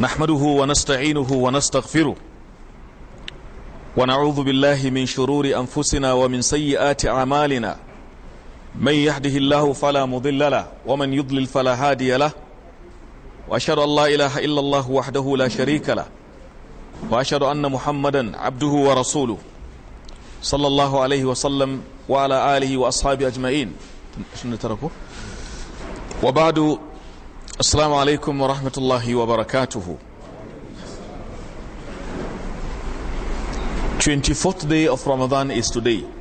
نحمده ونستعينه ونستغفره ونعوذ بالله من شرور أنفسنا ومن سيئات أعمالنا من يهده الله فلا مضل له ومن يضلل فلا هادي له وأشهد أن لا إله إلا الله وحده لا شريك له وأشهد أن محمدا عبده ورسوله صلى الله عليه وسلم وعلى آله وأصحابه أجمعين تركوا وبعد السلام عليكم ورحمة الله وبركاته 24th day of Ramadan is today